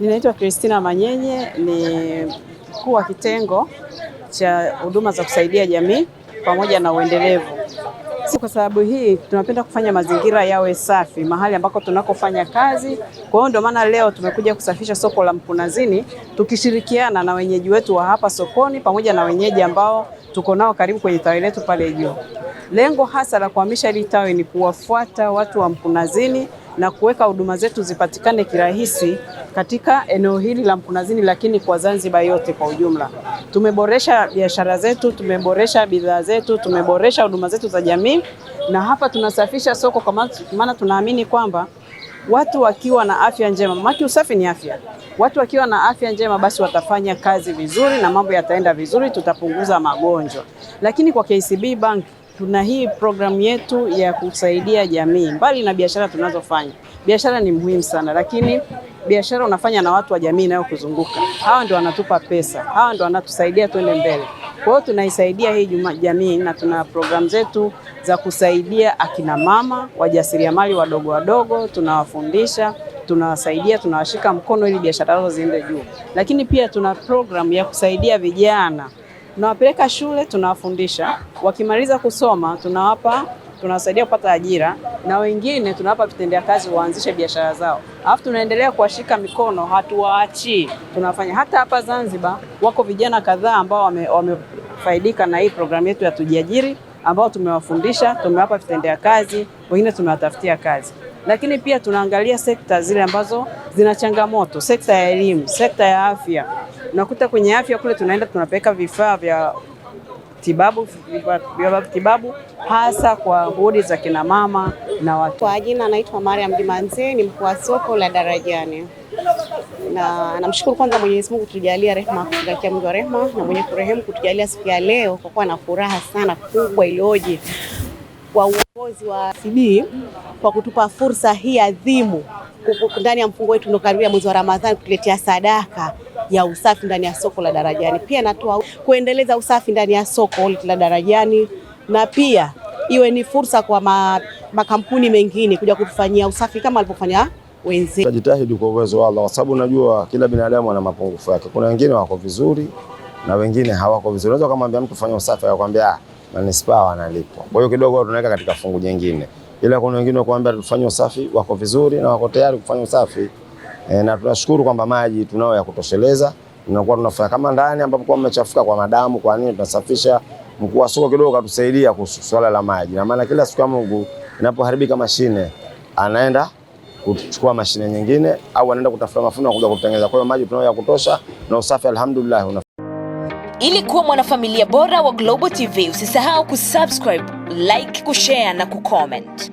Ninaitwa Christina Manyenye, ni mkuu wa kitengo cha huduma za kusaidia jamii pamoja na uendelevu. Kwa sababu hii tunapenda kufanya mazingira yawe safi mahali ambako tunakofanya kazi. Kwa hiyo ndio maana leo tumekuja kusafisha soko la Mkunazini tukishirikiana na wenyeji wetu wa hapa sokoni pamoja na wenyeji ambao tuko nao karibu kwenye tawi letu pale juu. Lengo hasa la kuhamisha hili tawi ni kuwafuata watu wa Mkunazini na kuweka huduma zetu zipatikane kirahisi katika eneo hili la Mkunazini, lakini kwa Zanzibar yote kwa ujumla. Tumeboresha biashara zetu, tumeboresha bidhaa zetu, tumeboresha huduma zetu za jamii, na hapa tunasafisha soko, kwa maana tunaamini kwamba watu wakiwa na afya njema, maki usafi ni afya. Watu wakiwa na afya njema, basi watafanya kazi vizuri na mambo yataenda vizuri, tutapunguza magonjwa. Lakini kwa KCB Bank tuna hii programu yetu ya kusaidia jamii. Mbali na biashara tunazofanya, biashara ni muhimu sana, lakini biashara unafanya na watu wa jamii inayokuzunguka. Hawa ndio wanatupa pesa, hawa ndio wanatusaidia twende mbele. Kwa hiyo tunaisaidia hii jamii na tuna programu zetu za kusaidia akina mama wajasiriamali wadogo wadogo, tunawafundisha tunawasaidia tunawashika mkono ili biashara zao ziende juu, lakini pia tuna programu ya kusaidia vijana tunawapeleka shule, tunawafundisha, wakimaliza kusoma tunawapa tunawasaidia kupata ajira na wengine tunawapa vitendea kazi waanzishe biashara zao, alafu tunaendelea kuwashika mikono, hatuwaachii, tunafanya. Hata hapa Zanzibar wako vijana kadhaa ambao wamefaidika wame na hii programu yetu ya Tujiajiri, ambao tumewafundisha, tumewapa vitendea kazi, wengine tumewatafutia kazi. Lakini pia tunaangalia sekta zile ambazo zina changamoto, sekta ya elimu, sekta ya afya Nakuta kwenye afya kule tunaenda tunapeka vifaa vya tibabu, vya tibabu hasa kwa wodi za kina mama na watu. Kwa jina naitwa Mariam Jumanzee, ni mkuu wa soko la Darajani na namshukuru kwanza Mwenyezi Mungu kutujalia rehema, kutujalia Mungu wa rehema na mwenye kurehemu kutujalia siku ya leo, kwa kuwa na furaha sana kubwa ilioje kwa uongozi wa CBE kwa kutupa fursa hii adhimu ndani ya mfungo wetu unaokaribia mwezi wa Ramadhani, kutuletea sadaka ya usafi ndani ya soko la Darajani. Pia natoa kuendeleza usafi ndani ya soko la Darajani na pia iwe ni fursa kwa ma, makampuni mengine kuja kutufanyia usafi kama walivyofanya wenzetu. Tajitahidi kwa uwezo wa Allah, kwa sababu unajua kila binadamu ana mapungufu yake. Kuna wengine wako vizuri na wengine hawako vizuri. Unaweza kumwambia mtu fanya usafi akwambia manispaa ah, wanalipwa. Kwa hiyo kidogo tunaweka katika fungu jingine, ila kuna wengine kuambia tufanye usafi wako vizuri na wako tayari kufanya usafi e, na tunashukuru kwamba maji tunao ya kutosheleza. Tunakuwa tunafanya kama ndani ambapo kwa mmechafuka kwa madamu kwa nini, tunasafisha. Mkuu wa soko kidogo katusaidia kuhusu swala la maji, na maana kila siku ya Mungu inapoharibika mashine anaenda kuchukua mashine nyingine au anaenda kutafuta mafuno kuja kutengeneza. Kwa hiyo maji tunao ya kutosha na usafi alhamdulillah una... Ili kuwa mwanafamilia bora wa Global TV, usisahau kusubscribe, like, kushare na kucomment.